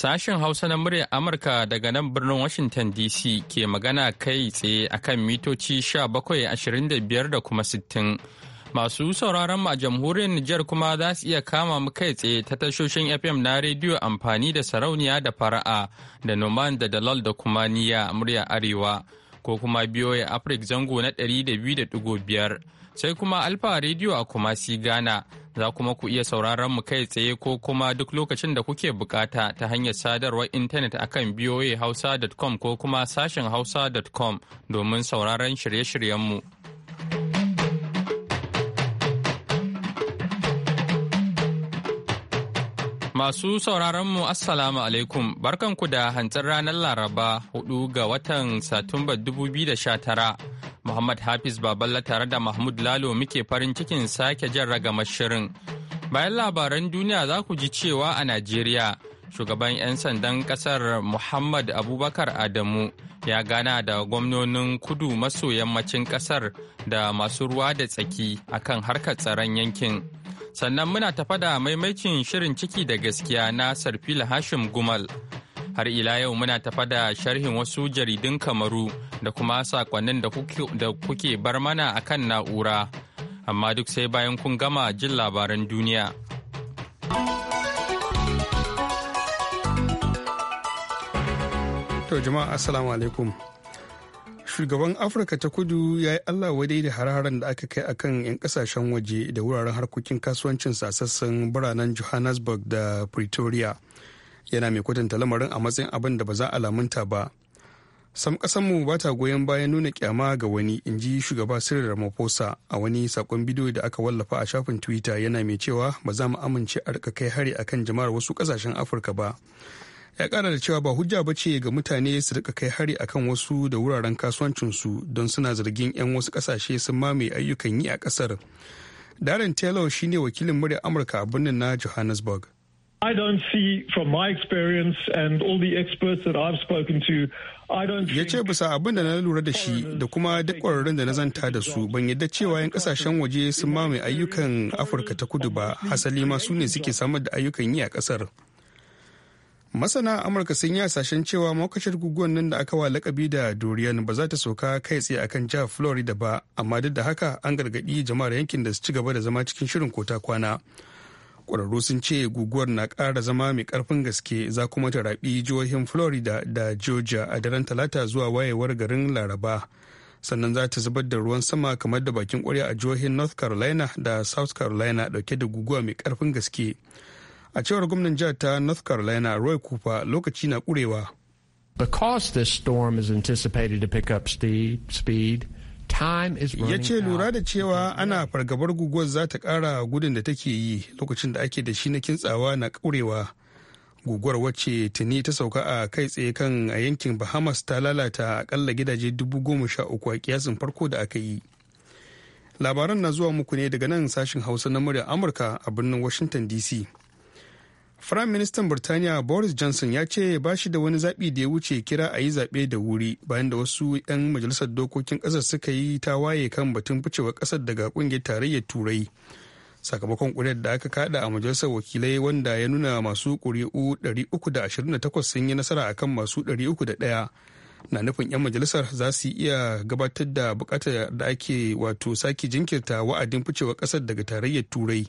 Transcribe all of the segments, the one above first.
Sashen Hausa na murya Amurka daga nan birnin Washington DC ke magana kai tsaye akan mitoci 1725 da kuma 60. Masu sauraron a jamhuriyar Nijar kuma za su iya kama mu kai tsaye ta tashoshin FM na rediyo amfani da sarauniya da fara'a da Noman da Dalal da kuma Niya murya Arewa ko kuma biyoyi Afrik zango na 200.5. sai kuma Alfa Radio a Kumasi Ghana. Za kuma ku iya sauraron mu kai tsaye ko kuma duk lokacin da kuke bukata ta hanyar sadarwar intanet akan voahausa.com ko kuma sashen hausa.com domin sauraron shirye-shiryenmu. Masu sauraronmu Assalamu alaikum barkanku da hantsin ranar Laraba 4 ga watan Satumba 2019. Muhammad Hafiz Baballa tare da Mahmud Lalo muke farin cikin sake jan ragamar shirin. Bayan labaran duniya za ku ji cewa a Najeriya, shugaban 'yan sandan kasar Muhammad Abubakar Adamu ya gana da gwamnonin kudu maso yammacin kasar da masu ruwa da tsaki akan harkar tsaron yankin. Sannan muna tafa da maimaicin shirin ciki da gaskiya na Sarfila Hashim Gumal. har ila yau muna tafa da sharhin wasu jaridun kamaru da kuma sakonnin da kuke bar mana a kan na'ura amma duk sai bayan kun gama jin labaran duniya to jama'a assalamu alaikum shugaban afirka ta kudu ya yi allah wadai da hararen da aka kai akan 'yan kasashen waje da wuraren harkokin kasuwancin a sassan biranen johannesburg da pretoria yana mai kwatanta lamarin a matsayin abin da ba za a lamunta ba sam kasanmu ba ta goyon bayan nuna kyama ga wani in ji shugaba sirri ramaphosa a wani sakon bidiyo da aka wallafa a shafin twitter yana mai cewa ba za mu amince a rika kai hari a kan jama'ar wasu kasashen afirka ba ya kara da cewa ba hujja ba ce ga mutane su rika kai hari a kan wasu da wuraren kasuwancinsu don suna zargin 'yan wasu kasashe sun mamaye ayyukan yi a kasar darren taylor shine wakilin murya amurka a birnin na johannesburg I don't see from my experience and all the experts that I've spoken to ya ce bisa abin da na lura da shi da kuma duk ƙwararrun da na zanta da su ban yadda cewa 'yan kasashen waje sun mamaye ayyukan afirka ta kudu ba hasali ma su ne suke samar da ayyukan yi a ƙasar masana amurka sun yi hasashen cewa makwacin guguwan nan da aka wa lakabi da dorian ba za ta soka kai tsaye akan jihar florida ba amma duk da haka an gargaɗi jama'ar yankin da su ci gaba da zama cikin shirin kota kwana ƙwararru sun ce guguwar na ƙara zama mai ƙarfin gaske za kuma ta raɓi jihohin florida da georgia a daren talata zuwa wayewar garin laraba sannan za ta zubar da ruwan sama kamar da bakin ƙwarya a jihohin north carolina da south carolina ɗauke da guguwa mai karfin gaske a cewar gwamnan jihar ta north carolina roy cooper lokaci na ƙurewa because this storm is anticipated to pick up speed ya ce lura da cewa ana fargabar guguwar za ta ƙara gudun da take yi lokacin da ake da shi na kintsawa na kurewa guguwar wacce tuni ta sauka a kai tsaye kan a yankin bahamas ta lalata akalla gidaje dubu goma sha uku a kiyasin farko da aka yi labaran na zuwa muku ne daga nan sashen hausa na murya amurka a birnin washington dc Firayim Ministan Birtaniya Boris Johnson ya ce ba shi da wani zaɓi da ya wuce kira a yi zaɓe da wuri bayan da wasu 'yan majalisar dokokin ƙasar suka yi ta waye kan batun ficewar ƙasar daga ƙungiyar tarayyar Turai. Sakamakon ƙuri'ar da aka kaɗa a majalisar wakilai wanda ya nuna masu ƙuri'u 328 sun yi nasara a kan masu 301 na nufin 'yan majalisar za su iya gabatar da buƙatar da ake wato sake jinkirta wa'adin ficewar ƙasar daga tarayyar Turai.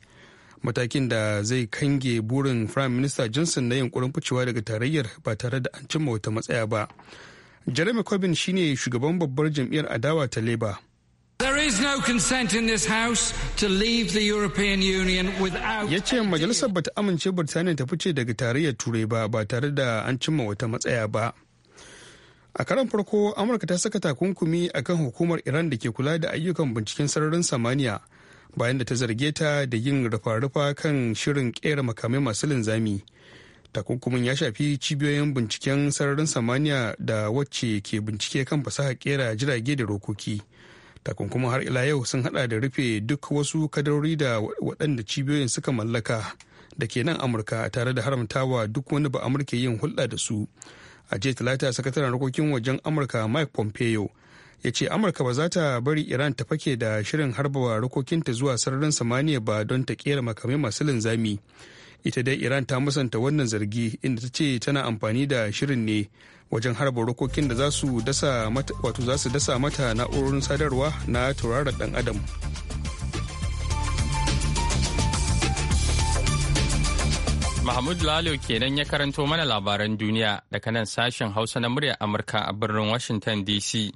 matakin da zai kange burin prime minister johnson na yunkurin ficewa daga tarayyar ba tare da an cimma wata matsaya ba jeremy corbyn shine shugaban babbar jam'iyyar adawa ta labour There no consent in this House to leave the European Union without. Ya ce majalisar bata amince Birtaniya ta fice daga tarayyar Turai ba ba tare da an cimma wata matsaya ba. A karan farko Amurka ta saka takunkumi akan hukumar Iran da ke kula da ayyukan binciken sararin samaniya bayan da ta zarge ta da yin rufa-rufa kan shirin kera makamai masu linzami takunkumin ya shafi cibiyoyin binciken sararin samaniya da wacce ke bincike kan fasaha kera jirage da rokoki takunkumin har ila yau sun hada da rufe duk wasu kadarori da waɗanda cibiyoyin suka mallaka da ke nan amurka tare da haramtawa duk wani ba amurka yin hulɗa da su a jiya talata sakataren rokokin wajen amurka mike pompeo ya ce amurka ba za ta bari iran ta fake da shirin harbawa rukokinta zuwa sararin samaniya ba don ta kera makamai masu linzami ita dai iran ta musanta wannan zargi inda ta ce tana amfani da shirin ne wajen harba rokokin da za su dasa mata wato na'urorin sadarwa na tauraron dan adam Mahmud Lalo kenan ya karanto mana labaran duniya daga nan sashen Hausa na muryar Amurka a birnin Washington DC.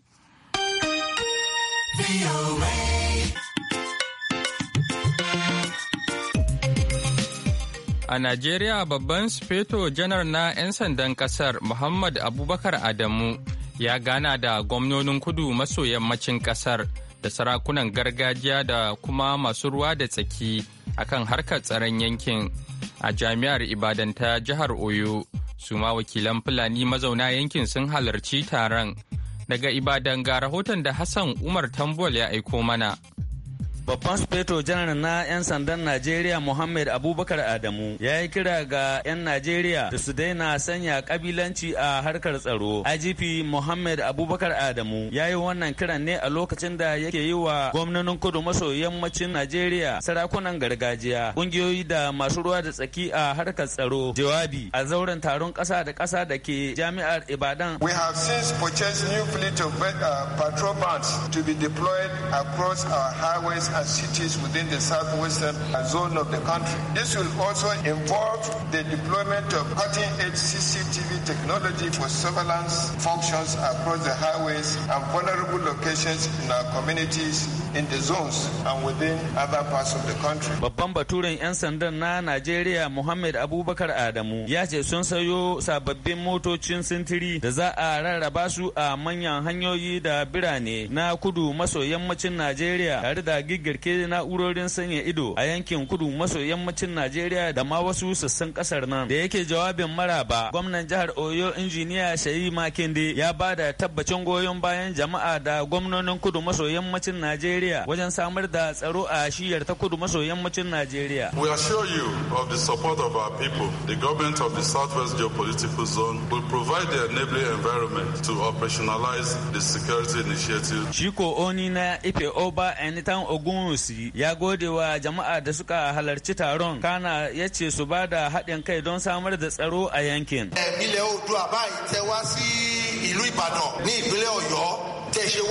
A Najeriya babban sufeto janar na 'yan sandan kasar Muhammad Abubakar Adamu ya gana da gwamnonin kudu maso yammacin kasar da sarakunan gargajiya da kuma masu ruwa da tsaki akan harkar tsaron yankin a jami'ar Ibadan ta jihar Oyo. Su ma wakilan Fulani mazauna yankin sun halarci taron Daga Ibadan ga rahoton da Hassan Umar Tambol ya aiko mana. Babban Sufeto Janar na 'yan sandan Najeriya Muhammad Abubakar Adamu ya yi kira ga 'yan Najeriya da su daina sanya kabilanci a harkar tsaro. IGP Muhammad Abubakar Adamu ya yi wannan kiran ne a lokacin da yake yi wa gwamnonin kudu maso yammacin Najeriya sarakunan gargajiya, ƙungiyoyi da masu ruwa da tsaki a harkar tsaro. Jawabi a zauren taron ƙasa da ƙasa da ke jami'ar Ibadan. We have since purchased new fleet of uh, patrol bands to be deployed across our highways and cities within the southwestern zone of the country. This will also involve the deployment of cutting-edge CCTV technology for surveillance functions across the highways and vulnerable locations in our communities in the zones and within other parts of the country. Babban baturen 'yan sandan na Najeriya Muhammad Abubakar Adamu ya ce sun sayo sababbin motocin sintiri da za a rarraba su a manyan hanyoyi da birane na kudu maso yammacin Najeriya tare da gig girke na'urorin sanya ido a yankin kudu maso yammacin Najeriya da ma wasu sassan kasar nan. Da yake jawabin maraba, gwamnan jihar Oyo injiniya Shayi Makinde ya ba da tabbacin goyon bayan jama'a da gwamnonin kudu maso yammacin Najeriya wajen samar da tsaro a shiyar ta kudu maso yammacin Najeriya. We assure you of the support of our people. The government of the Southwest Geopolitical Zone will provide the enabling environment to operationalize the security initiative. Shiko Oni na Ife Oba Anytime Ogun Munusi ya gode wa jama'a da suka halarci taron kana ya ce su ba da haɗin kai don samar da tsaro a yankin. Ilẹ̀ Oòduà báyìí tẹ wá sí ìlú Ìbàdàn ní ìpínlẹ̀ Ọ̀yọ́ tẹ̀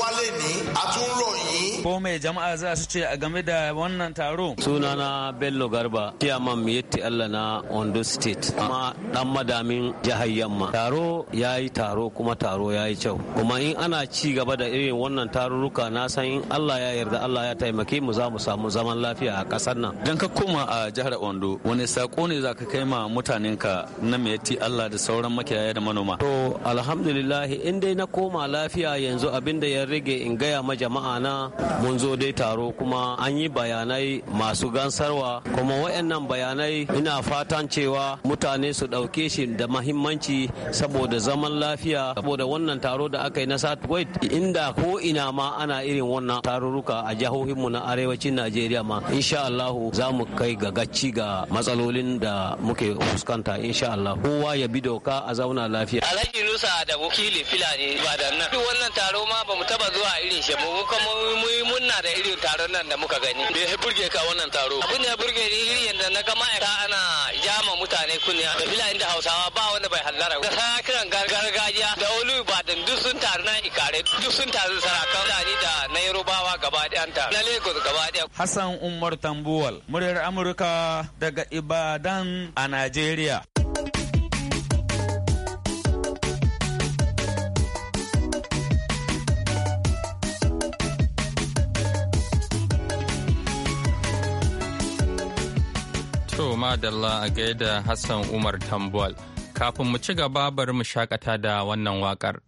ní àtúnrọ̀ yìí. ko jama'a za su ce a game da wannan taro. suna na bello garba chairman miyetti allah na ondo state kuma dan madamin jihar yamma taro ya yi taro kuma taro ya yi kyau kuma in ana ci gaba da irin wannan tarurruka na san in allah ya yarda allah ya taimake mu za mu samu zaman lafiya a kasar nan. dan ka koma a jihar ondo wani sako ne za ka kai ma mutanenka na miyetti allah da sauran makiyaya da manoma. to alhamdulillahi in dai na koma lafiya yanzu abin abin da ya rage in gaya ma jama'a na mun zo dai taro kuma an yi bayanai masu gansarwa kuma wayannan bayanai ina fatan cewa mutane su ɗauke shi da mahimmanci saboda zaman lafiya saboda wannan taro da aka yi na satwait inda ko ina ma ana irin wannan tarurruka a jihohinmu na arewacin najeriya ma insha allahu za mu kai ga gacci ga matsalolin da muke fuskanta insha allah kowa ya bi doka a zauna lafiya alhaji nusa da wakili filani ba da nan duk wannan taro ma ba mu taba zuwa irin shi mu kuma mu munna da irin taron nan da muka gani me ya burge ka wannan taro abin da ya burge ni irin yanda na ga ma'aikata ana jama mutane kunya da bila inda Hausawa ba wanda bai hallara da kiran gargajiya da olu ba da duk sun taru na ikare duk sun taru sarakan ni da na yarubawa gaba da anta na Lagos gaba da Hassan Umar Tambuwal muryar Amurka daga Ibadan a Najeriya la a gaida Hassan Umar Tambol. Kafin mu ci gaba bari mu shakata da wannan waƙar.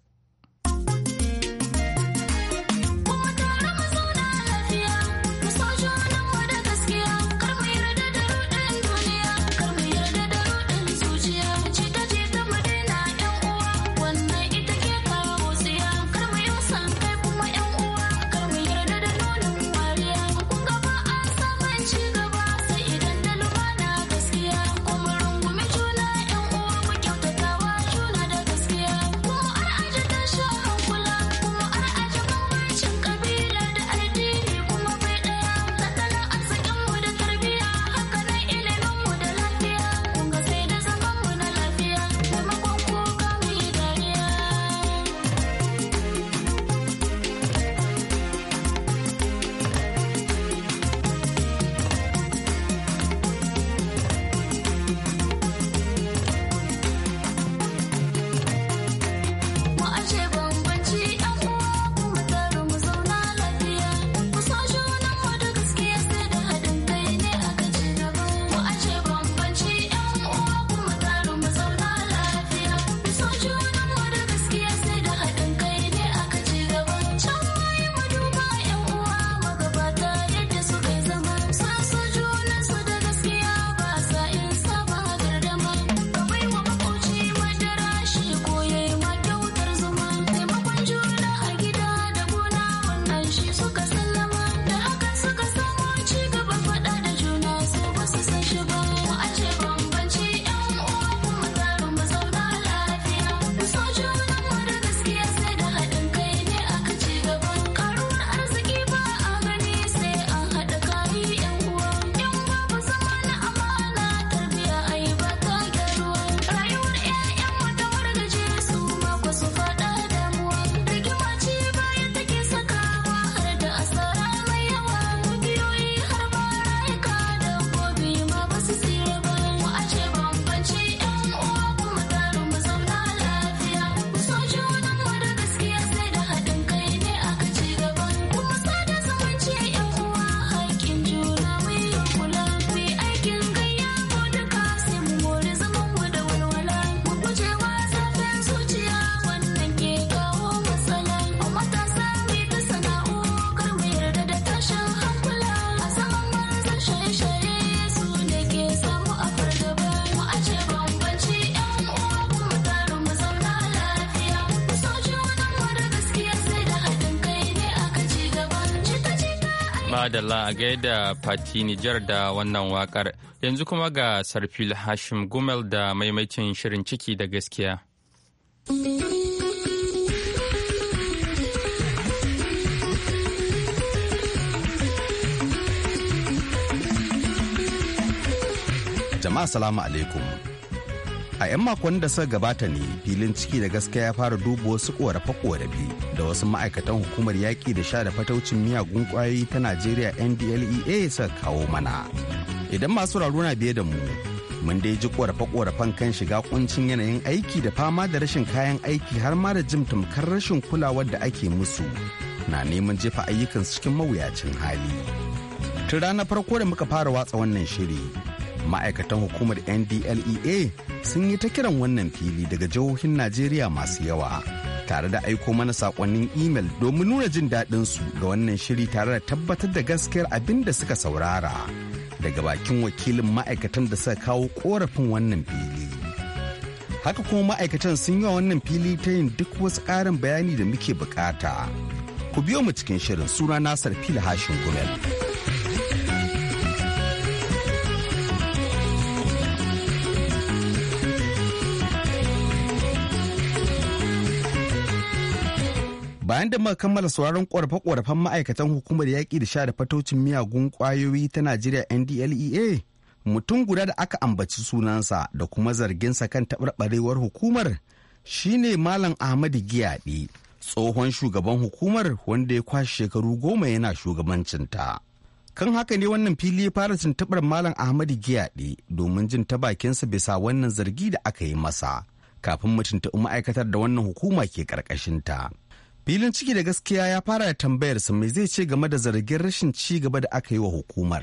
Madalla a gaida Fati Nijar da wannan wakar yanzu kuma ga Sarfil Hashim Gumel da maimaitin shirin ciki da gaskiya. Jama'a salamu alaikum. a 'yan makon da suka gabata ne filin ciki da gaskiya ya fara duba wasu korafe-korafe da wasu ma'aikatan hukumar yaƙi da sha da fataucin miyagun ƙwayoyi ta najeriya ndlea suka kawo mana idan masu na biye da mu mun dai ji korafe-korafen kan shiga kuncin yanayin aiki da fama da rashin kayan aiki har ma da jim tamkar rashin kulawar da ake musu na neman jefa ayyukan cikin mawuyacin hali tun ranar farko da muka fara watsa wannan shiri ma'aikatan hukumar ndlea sun yi ta kiran wannan fili daga jihohin najeriya masu yawa tare da aiko mana sakonnin imel domin nuna jin daɗin su ga wannan shiri tare da tabbatar da gaskiyar abin da suka saurara daga bakin wakilin ma'aikatan da suka kawo korafin wannan fili haka kuma ma'aikatan sun yi wannan fili ta yin duk wasu ƙarin bayani da muke bukata ku biyo mu cikin shirin suna nasar fil hashin gumel. bayan da muka kammala sauraron ƙorafe-ƙorafen ma'aikatan hukumar yaƙi da sha da fatocin miyagun kwayoyi ta najeriya ndlea mutum guda da aka ambaci sunansa da kuma zarginsa kan taɓarɓarewar hukumar shine malam ahmadu giyaɗi tsohon shugaban hukumar wanda ya kwashe shekaru goma yana shugabancinta kan haka ne wannan fili ya fara tuntuɓar malam ahmadu giyaɗi domin jin ta bakinsa bisa wannan zargi da aka yi masa kafin mutunta ma'aikatar da wannan hukuma ke ƙarƙashinta. filin ciki da gaskiya ya fara da tambayar su me zai ce game da zargin rashin ci gaba da aka yi wa hukumar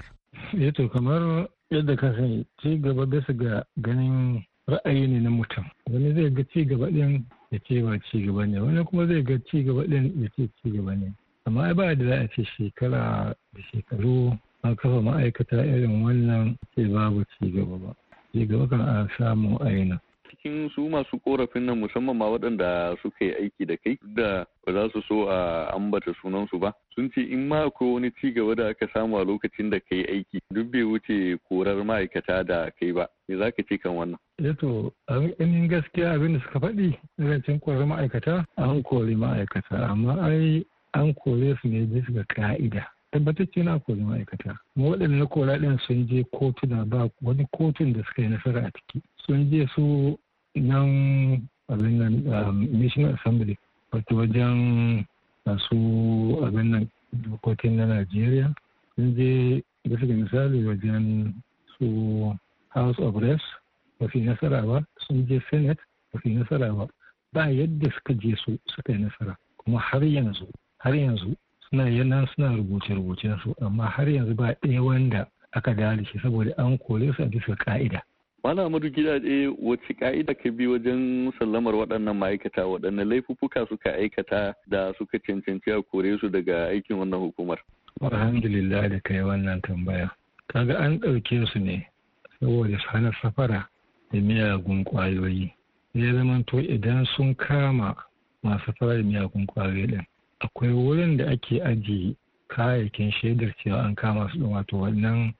eh to kamar yadda ka sani ci gaba bisa ga ganin ra'ayi ne na mutum wani zai ga ci gaba din ya ce ba ci gaba ne wani kuma zai ga ci gaba din ya ce ci gaba ne amma ai ba da za a ce shekara da shekaru an kafa ma'aikata irin wannan ce babu ci gaba ba ci gaba kan a samu aina cikin su masu korafin nan musamman ma waɗanda suka yi aiki da kai da ba za su so a ambata sunansu ba sun ce in ma akwai wani ci gaba da aka samu a lokacin da kai aiki duk bai wuce korar ma'aikata da kai ba me za ka ce kan wannan yato eh ainihin gaskiya abin da suka faɗi zancen korar ma'aikata an kori ma'aikata amma ai an kore su ne bisa ga ka'ida tabbatar ce na kori ma'aikata kuma waɗanda na kora ɗin sun je kotuna ba wani kotun da suka yi nasara a ciki sun je su nan abin nan um, national assembly wato wajen masu uh, abin nan dokokin na najeriya sun je bisa misali wajen su house of reps ba nasara ba sun je senate ba nasara ba ba yadda suka je su suka yi nasara kuma har yanzu har yanzu suna yanan suna rubuce-rubucen su amma har yanzu ba ɗaya wanda aka dalishi saboda an kore su a bisa ka'ida Malam Amadu Gidaje wacce ka'ida ka bi wajen sallamar waɗannan ma'aikata waɗannan laifuffuka suka aikata da suka cancanci a kore su daga aikin wannan hukumar. Alhamdulillah da kai wannan tambaya. Kaga an ɗauke su ne saboda hana safara da miyagun ƙwayoyi. Ya zama to idan sun kama masu fara da miyagun ƙwayoyi ɗin. Akwai wurin da ake ajiye kayayyakin shaidar cewa an kama su ɗin wato wannan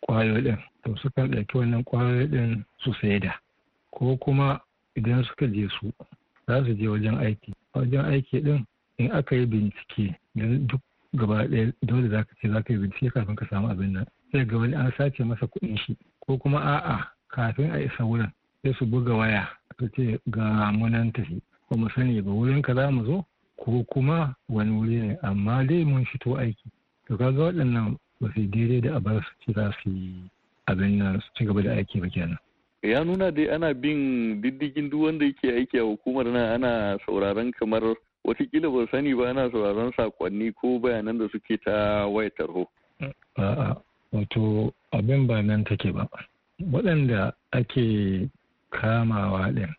kwayoyin to sukan ɗauki wannan kwayoyin su saida ko kuma idan suka je su za su je wajen aiki wajen aiki din in aka yi bincike don duk gaba ɗaya dole za ka ce za ka yi bincike kafin ka samu abin nan sai ga wani an sace masa kuɗin shi ko kuma a'a kafin a isa wurin sai su buga waya su ce ga munan tafi ko mu sani ba wurin ka za mu zo ko kuma wani wuri ne amma dai mun fito aiki to kaga waɗannan mafi daidai da a bar su za su abin nan su ci gaba da aiki ba kenan. ya nuna dai ana bin diddigin duk wanda yake aiki a hukumar nan ana sauraron kamar watakila ba sani ba ana sauraron sakonni ko bayanan da suke ta waya tarho. a'a wato abin ba nan take ba waɗanda ake kamawa ɗin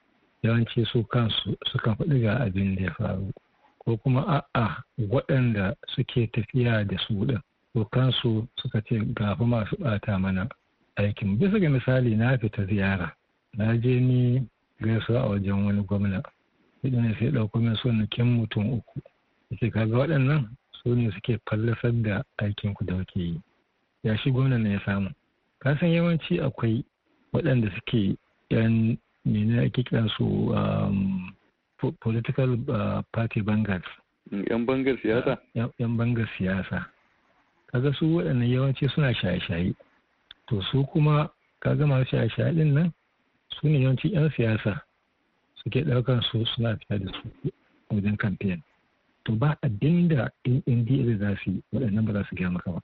yawanci su kansu suka faɗi ga abin da ya faru ko kuma a'a waɗanda suke tafiya da su ɗin kansu suka ce gafi masu bata mana aikin bisa ga misali na fita ziyara na je ni gaisuwa a wajen wani gwamna idan ne sai ɗauko min kin mutum uku yake kaga waɗannan su ne suke fallasar da aikin ku da kuke yi ya shi gwamna ne ya samu Ka san yawanci akwai waɗanda suke yan mene ake kiransu um, political uh, party bangers yan bangar siyasa yan bangar siyasa kaga su waɗannan yawanci suna shaye-shaye to su kuma kaga masu shaye-shaye ɗin nan su ne yawanci 'yan siyasa suke ɗaukar su suna fita da su wajen kamfen to ba abin da in indiya za su yi waɗannan ba za su gaya maka ba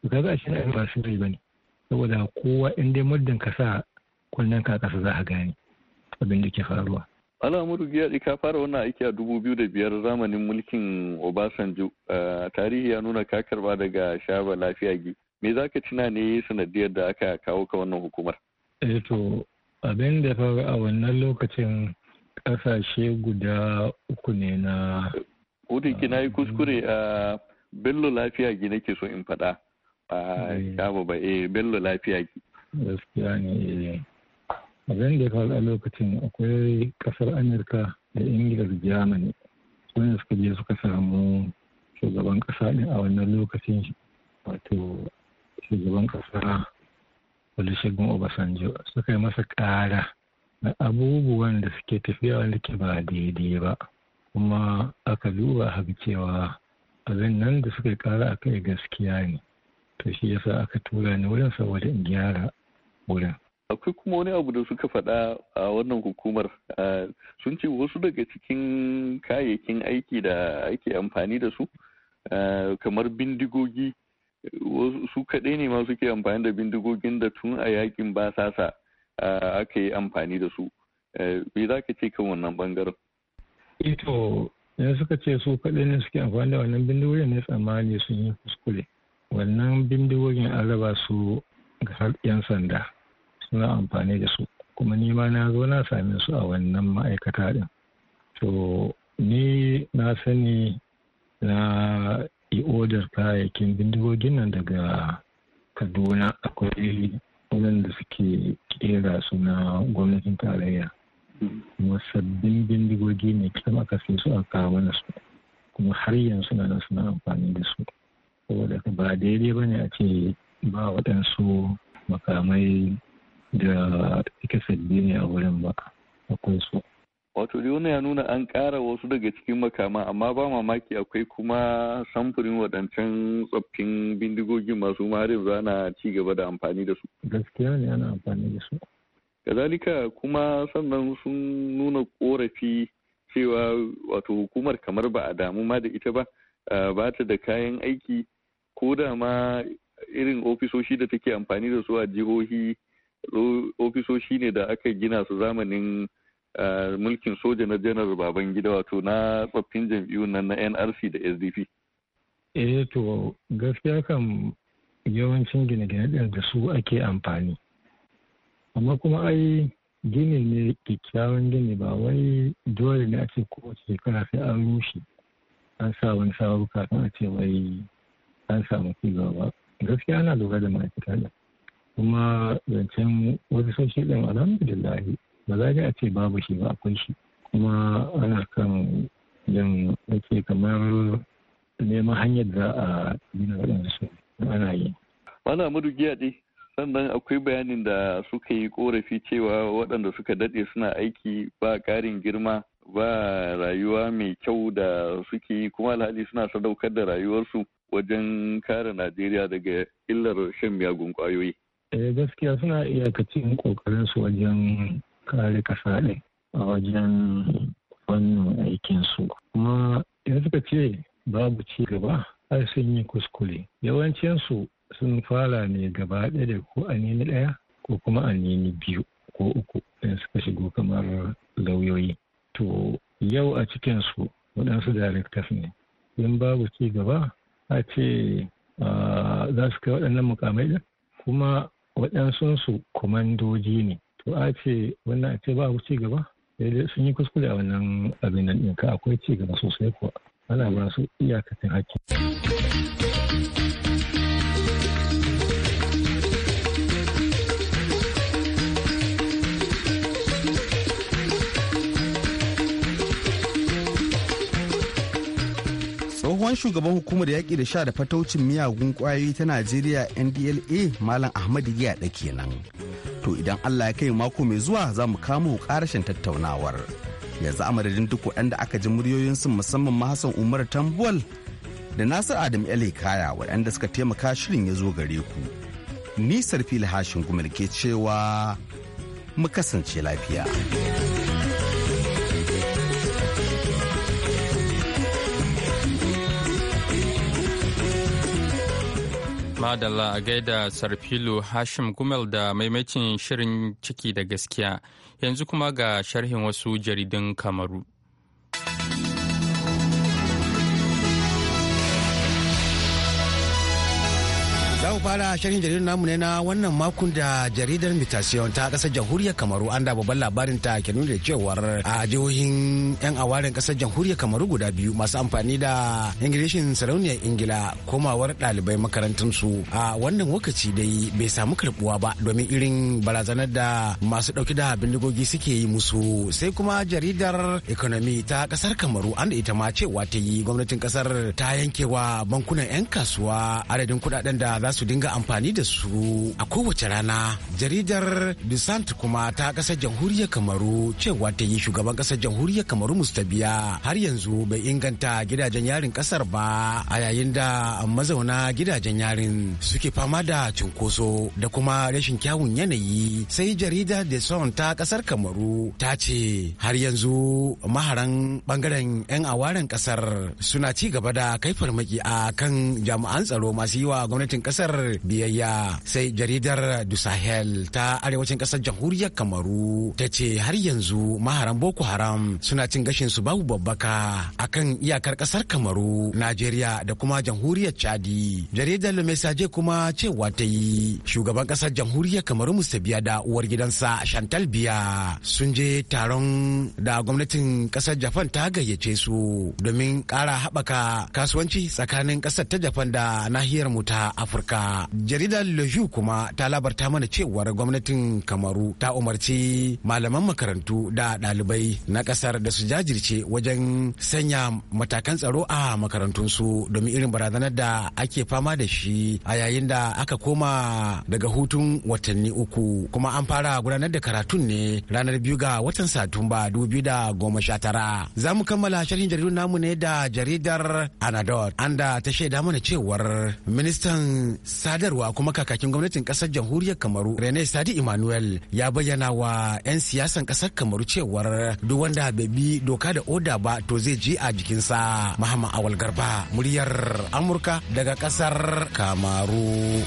to kaga a cikin ba su rai bane saboda kowa in dai muddin ka sa kullum ka kasa za a gane abin da ke faruwa al'amuru giyaɗi ka fara wannan aiki a dubu biyu da biyar zamanin mulkin obasanjo tarihi ya nuna ka karba daga shaba lafiya gi me za ka cina ne sanadiyar da aka kawo ka wannan hukumar eh to abin da faru a wannan lokacin ƙasashe guda uku ne na ki na yi kuskure a bello lafiya gi nake so in faɗa a eh. shaba ba eh bello lafiya gi gaskiya ne eh. abin da ya faru a lokacin akwai kasar amurka da ingila da germany wanda suka je suka samu shugaban kasa ne a wannan lokacin wato shugaban kasa olusegun obasanjo suka yi masa ƙara na abubuwan da suke tafiya wanda ke ba daidai ba kuma aka duba haka cewa abin nan da suka ƙara a kai gaskiya ne to shi yasa aka tura ni wurin saboda in gyara wurin akwai kuma wani abu da suka faɗa a wannan hukumar sun ce wasu daga cikin kayayyakin aiki da ake amfani da su kamar bindigogi su kaɗai ne ma suke amfani da bindigogin da tun a yakin ba sasa aka yi amfani da su me za ka ce kan wannan bangaren ito e, ne suka ce su kaɗai ne suke amfani da wannan bindigogin ne tsammani sun yi kuskure wannan bindigogin an raba su ga 'yan sanda suna amfani da su kuma ni ma na zo na same su a wannan ma'aikata din to ni na sani na yi odar kayayyakin bindigogin nan daga kaduna akwai da suke kera suna gwamnatin tarayya kuma sabbin bindigogi ne kisan aka sai su a kawo su kuma har yanzu na suna amfani da su saboda ba daidai ba ne a ce ba waɗansu makamai da ita sabbi ne a wurin ba akwai su wato dai ya nuna an ƙara wasu daga cikin makama amma ba mamaki akwai kuma samfurin waɗancan tsoffin bindigogin masu mare zana ci gaba da amfani da su gaskiya ne ana amfani da su kazalika kuma sannan sun nuna ƙorafi cewa wato hukumar kamar ba a damu ma da ita ba ba ta da kayan aiki ko da ma irin ofisoshi da take amfani da su a jihohi ofisoshi ne da aka gina su zamanin mulkin soja na janar baban gida wato na tsoffin jam'iyyun nan na nrc da sdp eh to gaskiya kan yawancin gine-gine da su ake amfani amma kuma ai gini ne kyakkyawan gini ba wai dole ne a ce kowace shekara sai an rushe an sa wani sabu kafin a ce wai an samu ba gaskiya ana lura da ma'aikata da kuma zancen wasu soshi ɗin alhamdulillah ba za a ce babu shi ba akwai shi kuma ana kan yin ake kamar neman hanyar da a gina waɗanda su ana yi. Ana madugiya dai sannan akwai bayanin da suka yi korafi cewa waɗanda suka daɗe suna aiki ba ƙarin girma ba rayuwa mai kyau da suke yi kuma alhali suna sadaukar da rayuwarsu wajen kare Najeriya daga illar shan miyagun kwayoyi. eh gaskiya suna iya iyakacin kokarin su wajen kare kasa ne. a wajen wannan aikin su kuma in suka ce babu ci gaba har sun yi kuskure yawancinsu sun fara ne gaba ɗaya da ko nini ɗaya ko kuma a nini biyu ko uku in suka shigo kamar lauyoyi to yau a cikinsu waɗansu directors ne in babu ci gaba a ce ah, za su kai waɗannan mukamai ɗin kuma su kwamandoji ne to a ce wannan a ce ba ci gaba sun yi kuskure a wannan abin nan ɗinka akwai ci gaba sosai kuwa ana ba su iyakacin hakki. tsohon shugaban hukumar yaƙi da sha da fataucin miyagun ƙwayoyi ta najeriya ndla malam ahmad da kenan to idan allah ya kai mako mai zuwa za mu kamo ƙarashin tattaunawar yanzu amadadin duk waɗanda aka ji muryoyinsu musamman ma umar tambuwal da nasir adam ele kaya waɗanda suka taimaka shirin ya zo gare ku ni sarfi lahashin gumel ke cewa mu kasance lafiya. Madalla a gaida Sarfilo Hashim Gumel da maimacin shirin ciki da gaskiya yanzu kuma ga sharhin wasu jaridun Kamaru. za mu fara shirin jaridar namu ne na wannan makon da jaridar Mutation ta kasar jamhuriyar Kamaru an da babban labarin ta ke nuna cewar a jihohin yan awarin kasar jamhuriyar Kamaru guda biyu masu amfani da Ingilishin sarauniyar Ingila komawar dalibai makarantunsu a wannan lokaci dai bai samu karbuwa ba domin irin barazanar da masu dauki da bindigogi suke yi musu sai kuma jaridar economy ta kasar Kamaru an da ita ma cewa ta yi gwamnatin kasar ta yankewa bankunan 'yan kasuwa adadin kuɗaɗen da za su su dinga amfani da su a kowace rana jaridar bisant kuma ta kasar jamhuriyar kamaru cewa ta yi shugaban kasar jamhuriyar kamaru mustabiya har yanzu bai inganta gidajen yarin kasar ba a yayin da mazauna gidajen yarin suke fama da cunkoso da kuma rashin kyawun yanayi sai jaridar da son ta kasar kamaru ta ce har yanzu maharan bangaren 'yan awaren kasar suna ci gaba da kai farmaki a kan jami'an tsaro masu yi wa gwamnatin kasar kasar biyayya sai jaridar du sahel ta arewacin kasar jamhuriyar kamaru ta ce har yanzu maharan boko haram suna cin gashin su babu babbaka a kan iyakar kasar kamaru najeriya da kuma jamhuriyar chadi jaridar le message kuma cewa ta yi shugaban kasar jamhuriyar kamaru musa biya da uwar gidansa chantal biya sun je taron da gwamnatin kasar japan ta gayyace su domin kara haɓaka kasuwanci tsakanin kasar ta japan da nahiyar mu ta afirka jaridar jaridar lehu kuma ta labarta mana cewar gwamnatin kamaru ta umarci malaman makarantu da ɗalibai na ƙasar da su jajirce wajen sanya matakan tsaro a makarantunsu domin irin barazanar da ake fama da shi a yayin da aka koma daga hutun watanni uku kuma an fara gudanar da karatun ne ranar biyu ga watan satumba da tara za mu kammala sharhin jaridun namu ne da jaridar anadol an da ta shaida mana cewar ministan sadarwa kuma kakakin gwamnatin kasar jamhuriyar kamaru rene sadi emmanuel ya bayyana wa 'yan siyasan kasar kamaru cewar duk wanda bai bi doka da oda ba to zai je a jikinsa muhammad awal garba muryar amurka daga kasar kamaru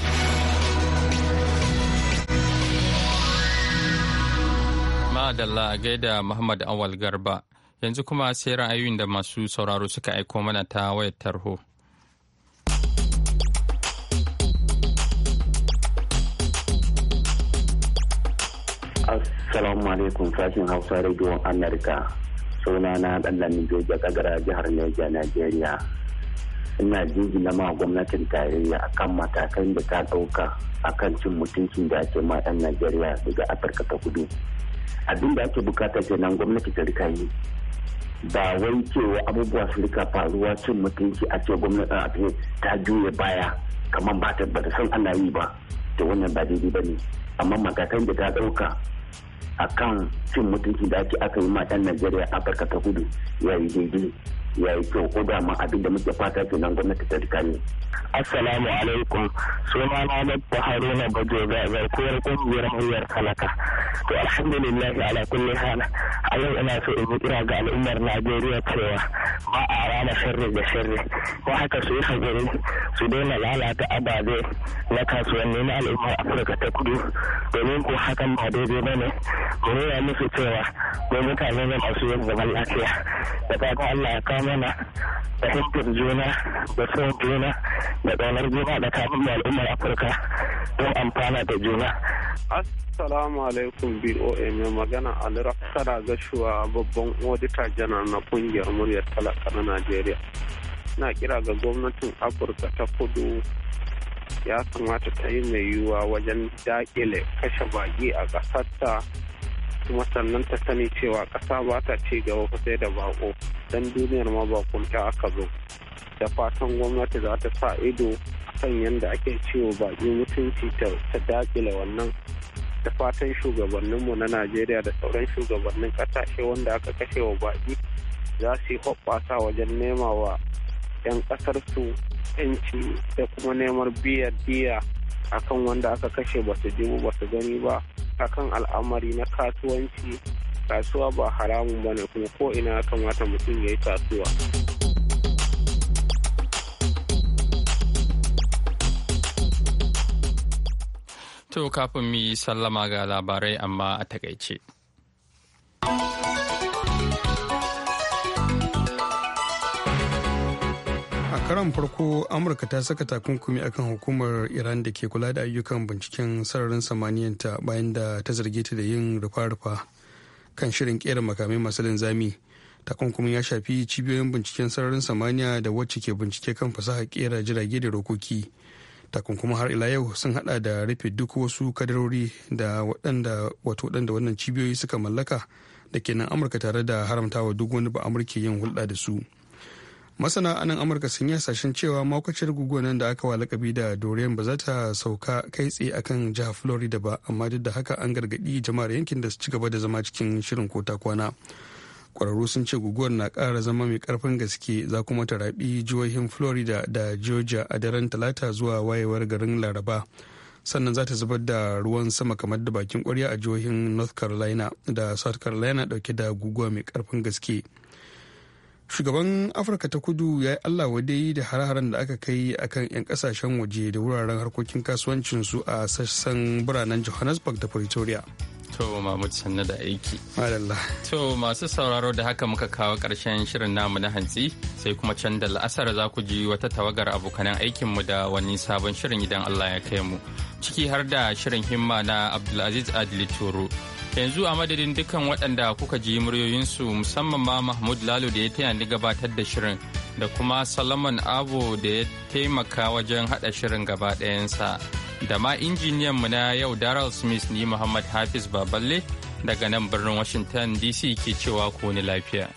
madalla gaida muhammad awal garba yanzu kuma sai ra'ayoyin da masu sauraro suka aiko mana ta wayar tarho. Salamu alaikum sashen Hausa Radio america Suna na ɗan Joja Kagara jihar Neja, Najeriya. Ina na ma gwamnatin tarayya akan matakan da ta ɗauka akan cin mutuncin da ake ma ɗan Najeriya daga Afirka ta kudu. Abin da ake bukata kenan gwamnati ta rika yi. Ba wai cewa abubuwa su rika faruwa cin mutunci a ce gwamnati ta juya baya kamar ba ta san ana yi ba. Da wannan ba daidai ba ne. Amma matakan da ta ɗauka akan cin mutunci da ake aka yi matan najeriya afirka ta kudu ya yi daidai ya yi kyau ko da ma abin da muke fata kenan gwamnati ta rika Assalamu alaikum suna na Dabba Haruna Bajoga garkuwar kungiyar muryar talaka. To alhamdulillah ala kulli hal a yau ina so in yi kira ga al'ummar Najeriya cewa ba a rana sharri da sharri ko haka su yi hazari su daina lalata ababe na kasuwanni na al'ummar Afirka ta kudu domin ko hakan ba daidai ba ne mu nuna musu cewa mu mutane ne masu yin zaman lafiya da fatan Allah ya kama da fahimtar juna da son juna da ɗanar juna da kamun al'ummar afirka don amfana da juna assalamu alaikum boa mai magana ali rafsara gashuwa babban odita janar na kungiyar muryar talaka na najeriya na kira ga gwamnatin afirka ta kudu ya kamata ta yi mai yiwuwa wajen dakile kashe baki a ƙasarta kuma sannan ta sani cewa ƙasa ba ta ci gaba fa sai da bako don duniyar ma ba kunta aka zo da fatan gwamnati za ta sa ido kan yadda ake ciwo baƙi mutunci ta dakile wannan da fatan shugabanninmu na najeriya da sauran shugabannin ƙasashe wanda aka kashe wa baƙi za su yi hoɓɓasa wajen nema wa 'yan ƙasarsu 'yanci da kuma neman biya biya akan wanda aka kashe ba su jibu ba su gani ba akan al'amari na kasuwanci kasuwa ba haramun bane kuma ko ina kamata mutum ya yi kasuwa to kafin mu yi sallama ga labarai amma a takaice karon farko amurka ta saka takunkumi akan hukumar iran da ke kula da ayyukan binciken sararin samaniyanta bayan da ta zarge ta da yin rufa-rufa kan shirin kera makamai masu linzami takunkumin ya shafi cibiyoyin binciken sararin samaniya da wacce ke bincike kan fasaha kera jirage da rokoki takunkumin har ila yau sun hada da rufe duk wasu kadarori da waɗanda wato waɗanda wannan cibiyoyi suka mallaka da kenan amurka tare da haramtawa duk wani ba amurke yin hulɗa da su masana a nan amurka sun yi hasashen cewa makwacin guguwar nan da aka wa lakabi da dorian ba za ta sauka kai tsaye akan jihar florida ba amma duk da haka an gargaɗi jama'ar yankin da su ci gaba da zama cikin shirin kota kwana kwararru sun ce guguwar na kara zama mai karfin gaske za kuma ta raɓi jihohin florida da georgia a daren talata zuwa wayewar garin laraba sannan za ta zubar da ruwan sama kamar da bakin kwarya a jihohin north carolina da south carolina dauke da guguwa mai karfin gaske. shugaban afirka ta kudu ya yi allah wadai da har-haren da aka kai akan 'yan kasashen waje da wuraren harkokin kasuwancinsu a sassan biranen johannesburg da pretoria To Mahmud sanna da aiki. Madalla. To masu sauraro da haka muka kawo karshen shirin namu na hantsi sai kuma can da la'asar za ku ji wata tawagar abokanan aikinmu da wani sabon shirin idan Allah ya kai mu. Ciki har da shirin himma na Abdulaziz Adli Turu. yanzu a madadin dukkan waɗanda kuka ji muryoyinsu musamman ma mahmud lalo da ya taya ni gabatar da shirin da kuma salaman abo da ya taimaka wajen haɗa shirin gaba ɗayansa da ma injiniyan mu na yau daryl smith ni muhammad hafiz baballe daga nan birnin washington dc ke cewa ku ni lafiya